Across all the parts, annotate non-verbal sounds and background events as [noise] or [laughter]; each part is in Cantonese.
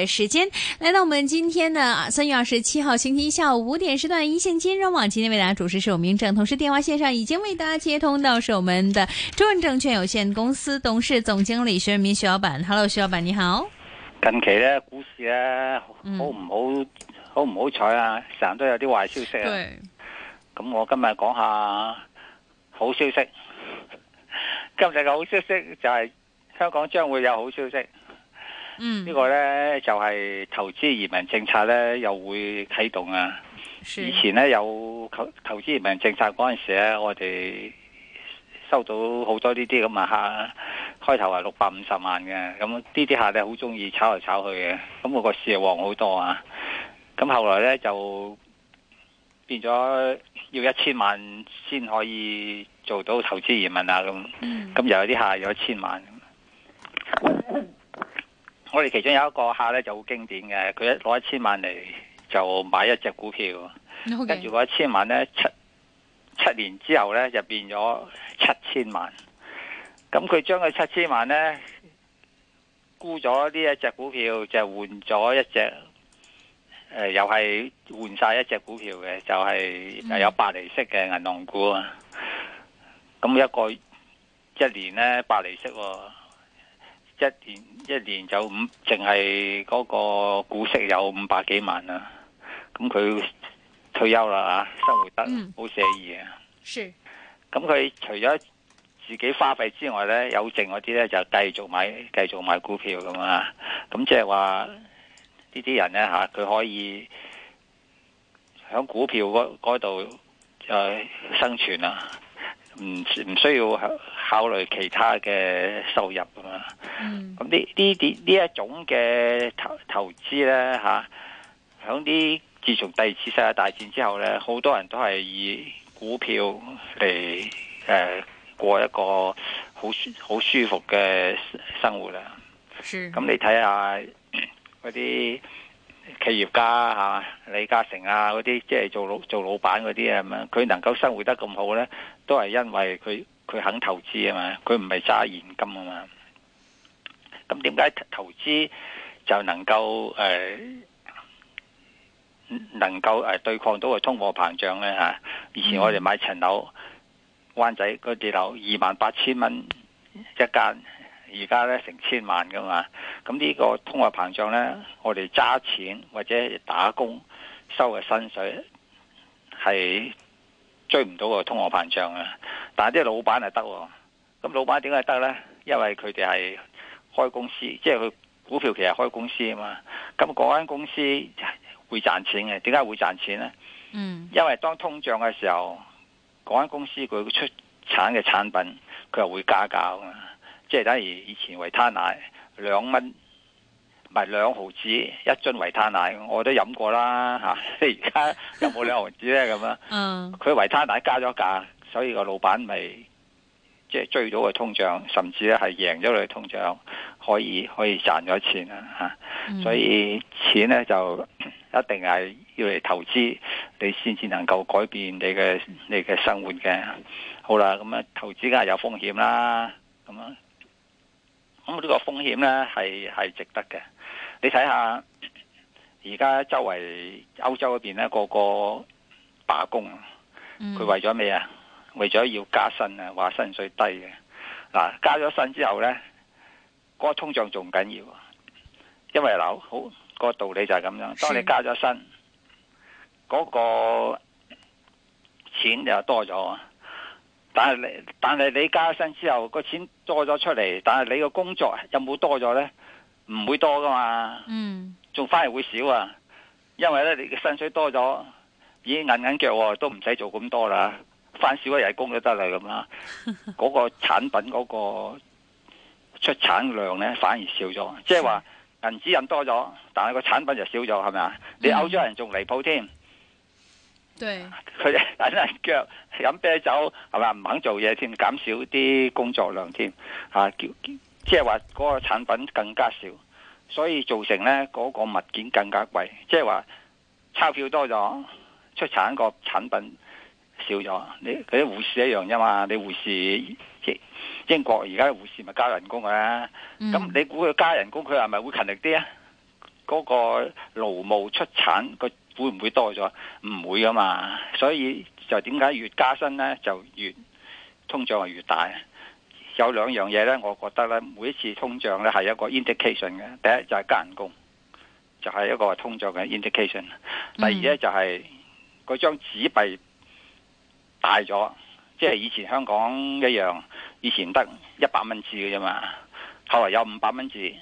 的時間來到，我們今天的三月二十七號星期一下午五點時段，一線金融網今天為大家主持是伍明正，同時電話線上已經為大家接通到是我們的中文證券有限公司董事總經理徐潤民徐老闆。Hello，徐老闆你好。近期咧股市咧好唔好？嗯、好，好，好唔好彩啊，成日都有啲壞消息、啊。對，咁我今日講下好消息。 [laughs] 今日嘅好消息就係香港將會有好消息。呢、嗯、個呢，就係、是、投資移民政策呢，又會啟動啊！的以前呢，有投投資移民政策嗰陣時呢，我哋收到好多呢啲咁嘅客，開頭係六百五十萬嘅，咁呢啲客呢，好中意炒嚟炒去嘅，咁、那、我個市又旺好多啊！咁後來呢，就變咗要一千萬先可以做到投資移民啊！咁、嗯、咁又有啲客有一千萬。嗯我哋其中有一個客咧就好經典嘅，佢一攞一千萬嚟就買一隻股票，跟住嗰一千萬咧七七年之後咧就變咗七千萬，咁佢將佢七千萬咧沽咗呢一隻股票，就換咗一隻，誒、呃、又係換晒一隻股票嘅，就係、是、有八釐息嘅銀行股啊，咁一個一年咧八釐息、哦，一年。一年就五，淨係嗰個股息有五百幾萬啦。咁佢退休啦吓，生活得好寫意啊、嗯。是。咁佢除咗自己花費之外呢，有剩嗰啲呢，就繼續買，繼續買股票咁啊。咁即係話呢啲人呢，吓，佢可以喺股票嗰度就生存啊。唔唔需要考慮其他嘅收入啊嘛，咁呢呢啲呢一種嘅投投資呢，嚇、啊，喺啲自從第二次世界大戰之後呢，好多人都係以股票嚟誒、呃、過一個好舒好舒服嘅生活啦。咁是、嗯、你睇下嗰啲企業家嚇、啊，李嘉誠啊嗰啲，即係做老做老闆嗰啲啊，佢、嗯、能夠生活得咁好呢，都係因為佢。佢肯投資啊嘛，佢唔係揸現金啊嘛。咁點解投資就能夠誒、呃、能夠誒對抗到個通貨膨脹呢？嚇？以前我哋買層樓，灣仔啲樓二萬八千蚊一間，而家呢成千萬噶嘛。咁呢個通貨膨脹呢，我哋揸錢或者打工收嘅薪水係。追唔到個通貨膨脹啊！但係啲老闆係得喎，咁老闆點解得呢？因為佢哋係開公司，即係佢股票其實開公司啊嘛。咁嗰間公司會賺錢嘅，點解會賺錢呢？嗯，因為當通脹嘅時候，嗰間公司佢出產嘅產品佢又會加價啊嘛，即係等如以前維他奶兩蚊。唔係兩毫紙一樽維他奶，我都飲過啦嚇。你而家有冇兩毫紙咧咁樣？佢、 [laughs] 嗯、維他奶加咗價，所以個老闆咪即係追到佢通脹，甚至咧係贏咗佢通脹，可以可以賺咗錢啦嚇。嗯、所以錢咧就一定係要嚟投資，你先至能夠改變你嘅你嘅生活嘅。好啦，咁、嗯、啊投資梗係有風險啦，咁、嗯、啊。咁呢個風險咧係係值得嘅，你睇下而家周圍歐洲嗰邊咧個個罷工，佢為咗咩啊？為咗要加薪啊，話薪水低嘅，嗱加咗薪之後咧，嗰個通脹仲緊要，因為樓好、嗰個道理就係咁樣，當你加咗薪，嗰個錢就多咗。但係你，但係你加薪之後個錢多咗出嚟，但係你個工作有冇多咗咧？唔會多噶嘛，嗯，仲反而會少啊，因為咧你嘅薪水多咗，已經，䟴䟴腳都唔使做咁多啦，翻少一日工都得啦咁啦，嗰、嗰個產品嗰個出產量咧反而少咗，即係話銀紙印多咗，但係個產品就少咗，係咪啊？你嘔咗人仲離譜添。佢忍腳飲啤酒係咪唔肯做嘢添，減少啲工作量添，吓、啊、叫即係話嗰個產品更加少，所以造成咧嗰、那個物件更加貴，即係話鈔票多咗，出產個產品少咗。你啲護士一樣啫嘛，你護士英英國而家護士咪加人工嘅、啊，咁、嗯、你估佢加人工，佢係咪會勤力啲啊？嗰、那個勞務出產個。會唔會多咗？唔會㗎嘛，所以就點解越加薪咧就越通脹係越大？有兩樣嘢咧，我覺得咧，每一次通脹咧係一個 indication 嘅。第一就係、是、加人工，就係、是、一個通脹嘅 indication。第二咧就係嗰張紙幣大咗，即係以前香港一樣，以前得一百蚊紙嘅啫嘛，後來有五百蚊紙，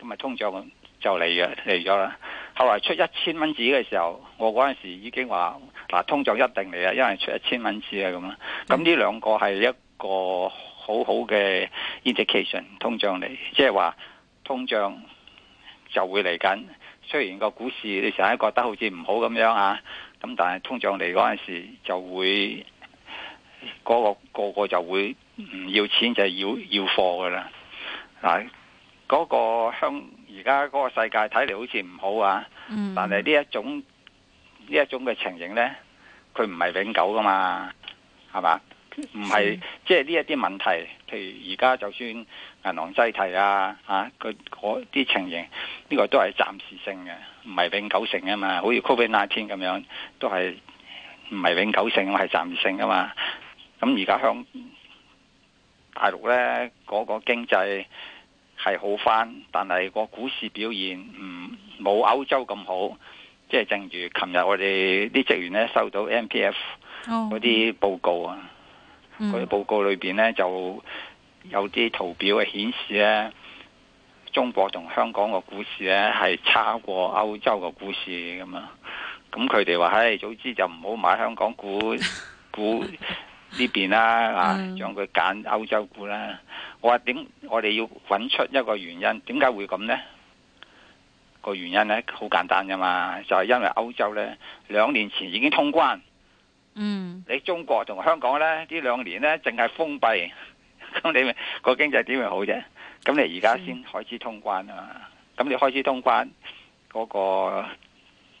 咁咪通脹就嚟嘅嚟咗啦。後來出一千蚊紙嘅時候，我嗰陣時已經話嗱，通脹一定嚟嘅，因為出一千蚊紙啊，咁啊，咁呢兩個係一個好好嘅 indicator，通脹嚟，即係話通脹就會嚟緊。雖然個股市你成日覺得好似唔好咁樣啊，咁但係通脹嚟嗰陣時就會嗰、那個個個就會唔要錢就係、是、要要貨噶啦，嗱，嗰、那個香。而家嗰個世界睇嚟好似唔好啊，嗯、但係呢一種呢一種嘅情形咧，佢唔係永久噶嘛，係嘛？唔係是即係呢一啲問題，譬如而家就算銀行擠提啊嚇，佢嗰啲情形，呢、這個都係暫時性嘅，唔係永久性啊嘛。好似 COVID nineteen 咁樣，都係唔係永久性，係暫時性啊嘛。咁而家香港大陸咧嗰、那個經濟。係好翻，但係個股市表現唔冇歐洲咁好。即係正如琴日我哋啲職員咧收到 MPF 嗰啲報告啊，嗰啲，oh, mm. 報告裏邊咧就有啲圖表嘅顯示咧，中國同香港個股市咧係差過歐洲個股市咁啊。咁佢哋話，唉、哎，早知就唔好買香港股股，邊、 [laughs] mm. 股呢邊啦，啊，將佢揀歐洲股啦。我話點？我哋要揾出一個原因，點解會咁呢？個原因呢，好簡單噶嘛，就係因為歐洲呢，兩年前已經通關，嗯，你中國同香港呢，呢兩年呢，淨係封閉，咁你咪個經濟點會好啫？咁你而家先開始通關啊嘛。咁你開始通關，嗰個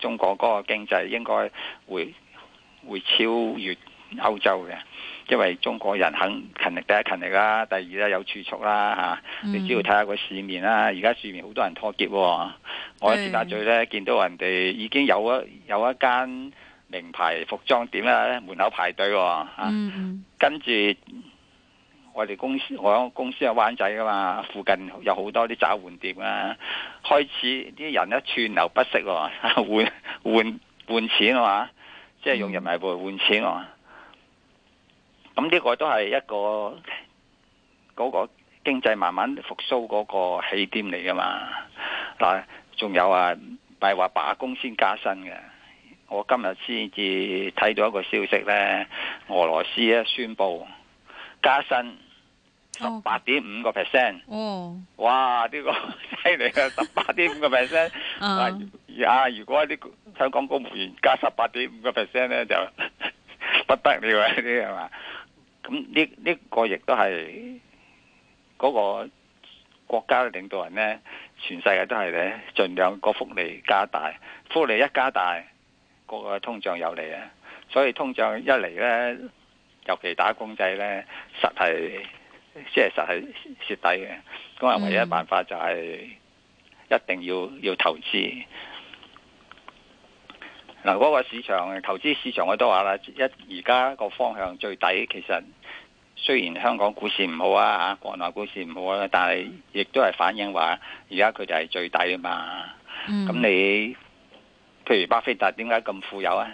中國嗰個經濟應該會會超越，歐洲嘅，因為中國人肯勤力，第一勤力啦，第二咧有儲蓄啦嚇。啊嗯、你只要睇下個市面啦，而家市面好多人拖喼喎、哦。我喺尖沙咀咧見到人哋已經有一有一間名牌服裝店啦，門口排隊喎、哦啊嗯、跟住我哋公司，我公司喺灣仔噶嘛，附近有好多啲找換店啦、啊，開始啲人咧川流不息喎、哦， [laughs] 換換換錢啊、哦、嘛，即係用人民幣換錢啊、哦嗯咁呢、嗯這個都係一個嗰、那個經濟慢慢復蘇嗰個起點嚟噶嘛？嗱、啊，仲有啊，唔係話罷工先加薪嘅。我今日先至睇到一個消息咧，俄羅斯咧宣布加薪十八點五個 percent。哦，oh. Oh. 哇，呢、這個犀利啊！十八點五個 percent，啊，如果啲香港公務員加十八點五個 percent 咧，就不得了呢啲係嘛？咁呢呢個亦都係嗰個國家嘅領導人呢，全世界都係呢，盡量個福利加大，福利一加大，個個通脹有嚟啊！所以通脹一嚟呢，尤其打工仔呢，實係即係實係蝕底嘅。咁啊，唯一辦法就係一定要要投資。嗱，嗰個市場投資市場我都話啦，一而家個方向最底，其實雖然香港股市唔好啊，嚇國內股市唔好啊，但係亦都係反映話而家佢就係最底啊嘛。咁、嗯、你譬如巴菲特點解咁富有啊？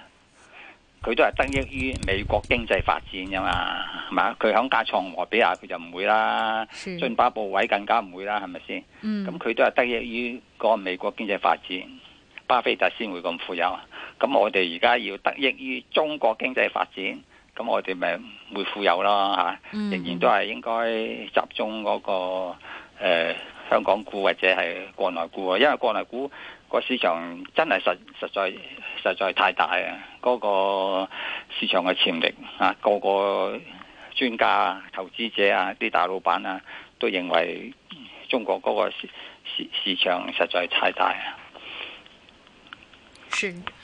佢都係得益於美國經濟發展㗎嘛，係嘛？佢響加創和比亞，佢就唔會啦；是津巴布韋更加唔會啦，係咪先？咁佢、嗯、都係得益於個美國經濟發展，巴菲特先會咁富有。咁我哋而家要得益於中國經濟發展，咁我哋咪會富有咯嚇、啊。仍然都係應該集中嗰、嗰個、呃、香港股或者係國內股，因為國內股個市場真係實實在實在太大啊！嗰、嗰個市場嘅潛力啊，個個專家啊、投資者啊、啲大老闆啊，都認為中國嗰個市市市場實在太大啊。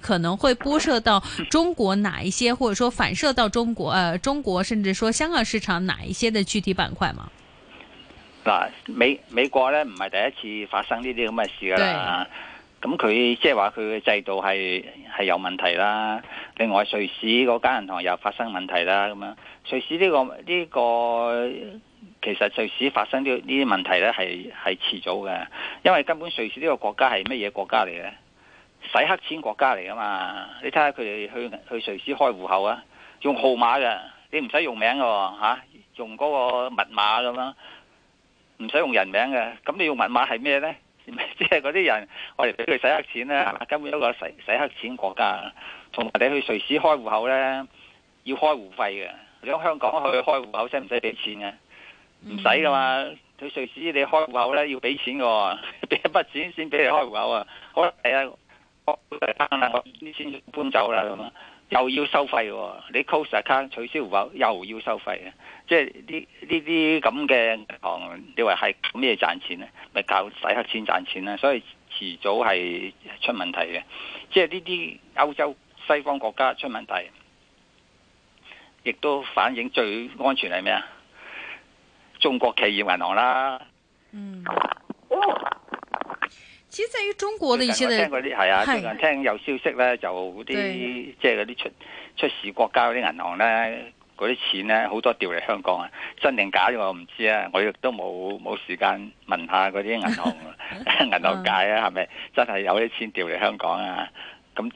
可能會波射到中國哪一些，或者說反射到中國，呃，中國甚至說香港市場哪一些的具體板塊嘛？嗱，美美國咧唔係第一次發生呢啲咁嘅事㗎啦，咁佢即係話佢嘅制度係係有問題啦。另外瑞士嗰間銀行又發生問題啦，咁樣瑞士呢個呢個其實瑞士發生呢呢啲問題咧係係遲早嘅，因為根本瑞士呢個國家係乜嘢國家嚟嘅咧？洗黑錢國家嚟噶嘛？你睇下佢哋去去瑞士開戶口啊，用號碼噶，你唔使用，用名噶吓、啊啊，用嗰個密碼咁咯，唔使用，用人名嘅。咁你用密碼係咩呢？即係嗰啲人我哋俾佢洗黑錢咧，根本都個洗洗黑錢國家。同埋你去瑞士開戶口呢，要開戶費嘅。你喺香港去開戶口使唔使俾錢嘅？唔使噶嘛，去瑞士你開戶口呢，要俾錢嘅、啊，俾 [laughs] 一筆錢先俾你開戶口啊。好係啊。我卡 [noise] 搬走啦，咁啊又要收費喎，啊！你 close 個卡取消又又要收費嘅，啊，即係呢呢啲咁嘅銀行，你話係咩賺錢咧？咪靠洗黑錢賺錢啦，啊！所以遲早係出問題嘅，即係呢啲歐洲西方國家出問題，亦都反映最安全係咩啊？中國企業銀行啦，嗯。其實在於中國嘅現在最近聽嗰啲係啊，最近聽有消息咧，就啲即係嗰啲出出事國家嗰啲銀行咧，嗰啲錢咧好多調嚟香港啊，真定假嘅我唔知啊，我亦都冇冇時間問下嗰啲銀行銀 [laughs] 行界啊，係咪 [laughs] 真係有啲錢調嚟香港啊？咁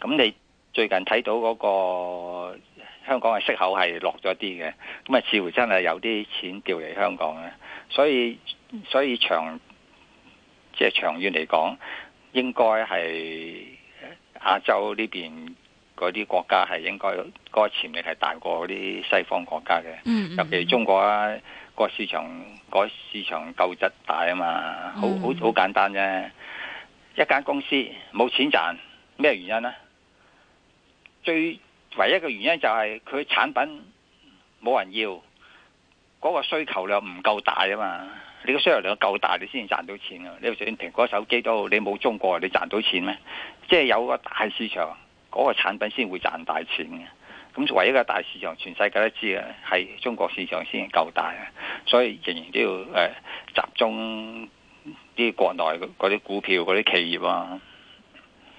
咁你最近睇到嗰個香港嘅息口係落咗啲嘅，咁啊似乎真係有啲錢調嚟香港啊，所以所以長。嗯即係長遠嚟講，應該係亞洲呢邊嗰啲國家係應該嗰個潛力係大過嗰啲西方國家嘅。嗯嗯。尤其中國啊，個市場、個市場夠質大啊嘛，好好好簡單啫。一間公司冇錢賺，咩原因呢？最唯一嘅原因就係佢產品冇人要，嗰個需求量唔夠大啊嘛。你個銷售量夠大，你先至賺到錢啊！你就算蘋果手機都，你冇中國，你賺到錢咩？即係有個大市場，嗰、那個產品先會賺大錢嘅。咁唯一嘅大市場，全世界都知嘅，係中國市場先夠大啊！所以仍然都要誒、呃、集中啲國內嗰啲股票嗰啲企業啊。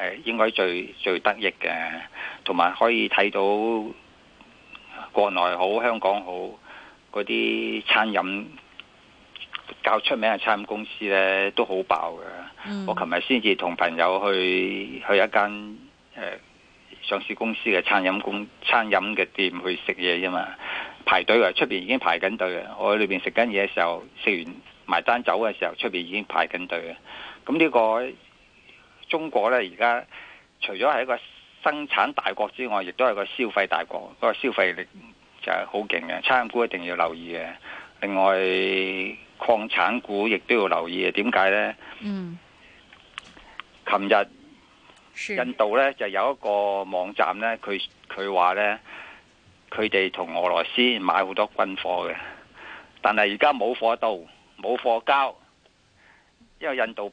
誒，應該最最得益嘅，同埋可以睇到國內好、香港好嗰啲餐飲較出名嘅餐飲公司呢，都好爆嘅。嗯、我琴日先至同朋友去去一間、呃、上市公司嘅餐飲公餐飲嘅店去食嘢啫嘛，排隊啊，出邊已經排緊隊啊。我喺裏邊食緊嘢嘅時候，食完埋單走嘅時候，出邊已經排緊隊啊。咁呢、個。中國呢，而家除咗係一個生產大國之外，亦都係個消費大國，個消費力就係好勁嘅，餐飲股一定要留意嘅。另外，礦產股亦都要留意嘅。點解呢？嗯，琴日印度呢，是就有一個網站呢，佢佢話呢，佢哋同俄羅斯買好多軍火嘅，但係而家冇貨到，冇貨交，因為印度。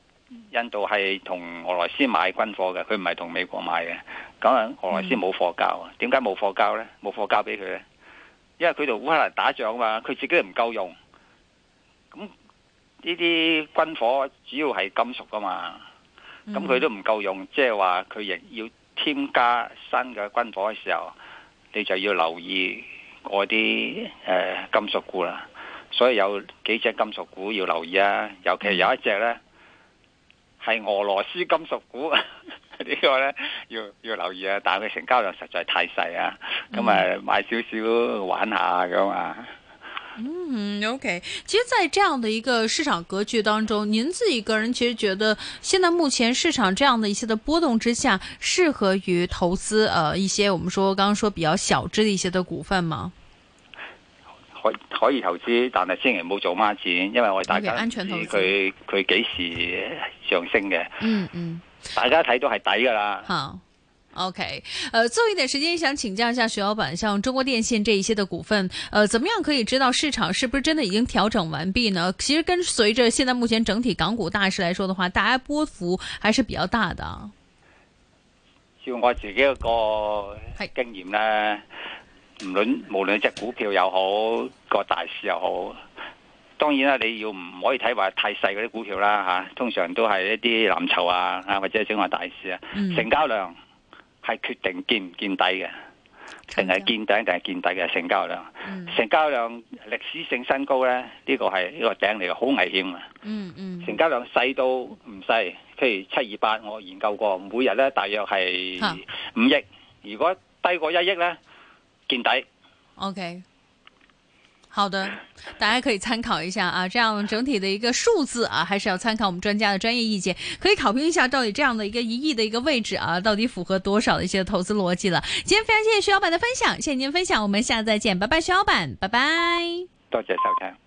印度係同俄羅斯買軍火嘅，佢唔係同美國買嘅。咁啊，俄羅斯冇貨交啊？點解冇貨交呢？冇貨交俾佢咧？因為佢同烏克蘭打仗啊嘛，佢自己唔夠用。咁呢啲軍火主要係金屬噶嘛，咁佢，嗯，都唔夠用，即係話佢亦要添加新嘅軍火嘅時候，你就要留意嗰啲誒金屬股啦。所以有幾隻金屬股要留意啊，尤其有一隻呢。嗯係俄羅斯金屬股呢 [laughs] 個呢要要留意啊，但係佢成交量實在太細啊，咁咪買少少玩下咁啊。嗯,樣嗯，OK，其實，在這樣的一個市場格局當中，您自己個人其實覺得，現在目前市場這樣的一些的波動之下，適合於投資呃一些我們說剛剛說比較小隻的一些的股份嗎？可以投資，但係千祈冇做孖展，因為我哋大家係佢佢幾時上升嘅，嗯？嗯嗯，大家睇到係抵噶啦。好，OK，誒、呃，最後一點時間想請教一下徐老闆，像中國電信這一些的股份，誒、呃，怎麼樣可以知道市場是不是真的已經調整完畢呢？其實跟隨着現在目前整體港股大勢來說的話，大家波幅還是比較大的，照我自己一個係經驗咧。唔論無論隻股票又好，個大市又好，當然啦，你要唔可以睇話太細嗰啲股票啦吓、啊。通常都係一啲藍籌啊，啊或者整塊大市啊，嗯、成交量係決定見唔見底嘅，定係見頂定係見底嘅成交量。嗯、成交量歷史性新高咧，呢、呢個係呢、呢個頂嚟嘅，好危險啊、嗯！嗯嗯，成交量細到唔細，譬如七二八，我研究過，每日咧大約係五億，哈如果低過一億咧，見底。OK，好的，大家可以參考一下啊，這樣整體的一個數字啊，還是要參考我們專家的專業意見，可以考評一下到底這樣的一個一億的一個位置啊，到底符合多少的一些投資邏輯了。今天非常謝謝徐老闆的分享，謝謝您分享，我們下次再見，拜拜，徐老闆，拜拜。多謝收聽。